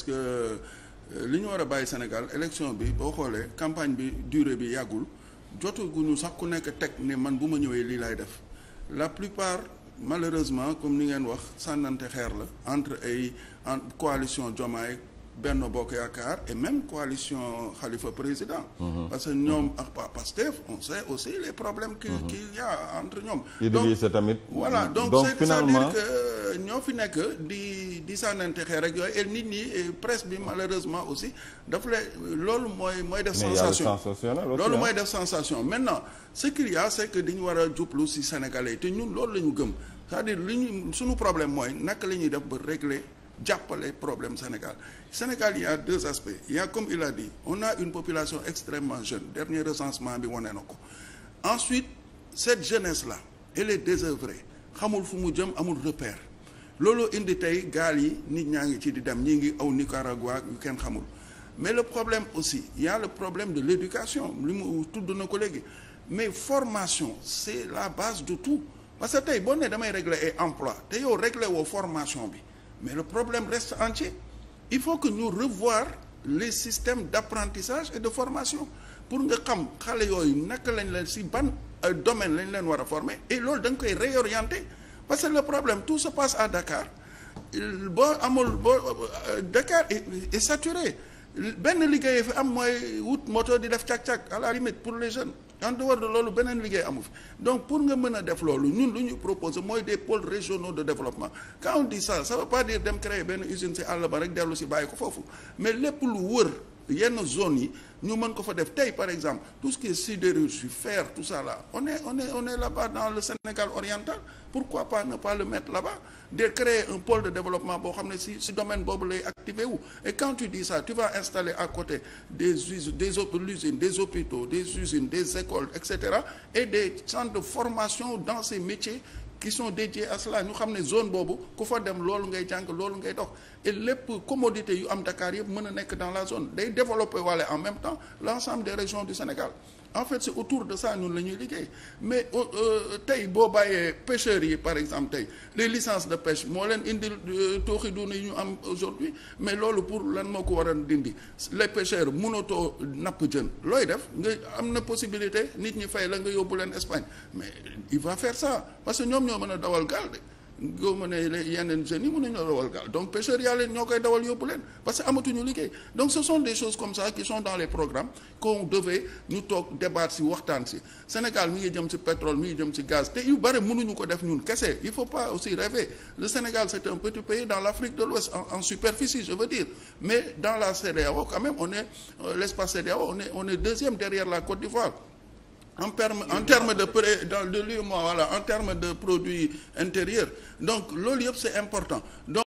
parce que euh, li ñu war a bàyyi Sénégal élection bi boo xoolee campagne bi durée bi yàggul ñu sax ku nekk teg ne man bu ma ñëwee lii lay def la plupart malheureusement comme ni ngeen wax sànnante xeer la entre ay en coalition Diomaye benn Bokk Yaakaar et même coalition xalifa président. Mhm. parce que ñoom mhm. ak pas Pastef on sait aussi les problème qu'il mm -hmm. qu'il y a entre ñoom. donc tamit. voilà mm. donc, cest dire que. ñoo fi nekk di di sànnante xeer rek yooyu et nit ñi presse bi malheureusement aussi daf lay loolu mooy mooy def sensation loolu mooy def sensation maintenant ce qu'il y a c'est que dañu war a jublu ci sénégalais te ñun loolu la ñu gëm cest dire li ñu suñu problème mooy naka la ñuy def ba régler jàppale problème Sénégal Sénégal il a deux aspects il comme il a dit on a une population extrêmement jeune dernier recensement bi wane na ko ensuite cette jeunesse là elle est désœuvrée xamul fu mu jëm amul repère looloo indi tey gaal yi nit ñaa ngi ci di dem ñii ngi aw Nicaragua yu kenn xamul mais la problème aussi il y problème de l'éducation li mu tudd na ko léegi mais formation c'est la base de tout parce que tey boo nee damay régler ay emploi te yow régler woo formation bi mais le problème reste entier il faut que ñu revoir les systèmes d'apprentissage et de formation pour nga xam xale yooyu naka lañ leen si ban euh, domaine lañ leen war a former et loolu da nga koy réorienter parce que le problème tout se passe à Dakar boo amul boo euh, Dakar est, est saturé benn liggéey fi am mooy wut moto di def càq-càq à la limite pour les jeunes en dehors de loolu beneen liggéey amu fi donc pour nga mën a def loolu ñun lu ñu proposé mooy des pôles régionaux de développement quand sa dit ça pas dire dem créer benn usine si àll ba rek dellu si bàyyi ko foofu mais lépp lu wër yenn zones yi ñu mën ko fa def tey par exemple tout ce qui est sidérurgie fer tout ça là on est on est on est là-bas dans le Sénégal oriental pourquoi pas ne pas le mettre là ba de créer un pôle de développement boo xam ne si si domaine boobu lay activé wu et quand tu dis ça tu vas installer à côté des usines des usines des hôpitaux des usines des écoles etc et des centres de formation dans ces métiers qui sont dédiés à cela ñu xam ne zone boobu ku fa dem loolu ngay jàng loolu ngay dox et lépp commodité yu am Dakar yëpp mën a nekk dans la zone day développer walla en même temps l'ensemble des régions du Sénégal en fait c'est autour de ça ñun la liggéey mais euh, euh, tey boo bàyyee pêcheurs yi par exemple tey les licences de pêche moo leen indi euh, tooxi duna yi ñu am aujourd'hui mais loolu pour lan moo ko war a dindi les pêcheurs mënatoo napp jën looy def nga am na possibilité nit ñi fay la yóbbu leen Espagne ñoo mën a dawal gaal de goo ma ne yeneen jeunes yi mënuñoo dawal gaal donc pêcheurs yaa ñoo koy dawal yóbbu leen parce que amatuñu liggéey donc ce sont des choses comme ça qui sont dans les programmes qu'on devait ñu toog débattre ci waxtaan ci Sénégal mi ngi jëm ci pétrole mi ngi jëm ci gaz te yu bëri mënuñu ko def ñun kese il faut pas aussi rêver le Sénégal c'est un petit pays dans l'Afrique de l'Ouest en, en superficie je veux dire mais dans la CEDEAO quand même on est euh, la en terme en de pré dans de lui moi voilà en terme de produit intérieur donc loolu yëpp c'est important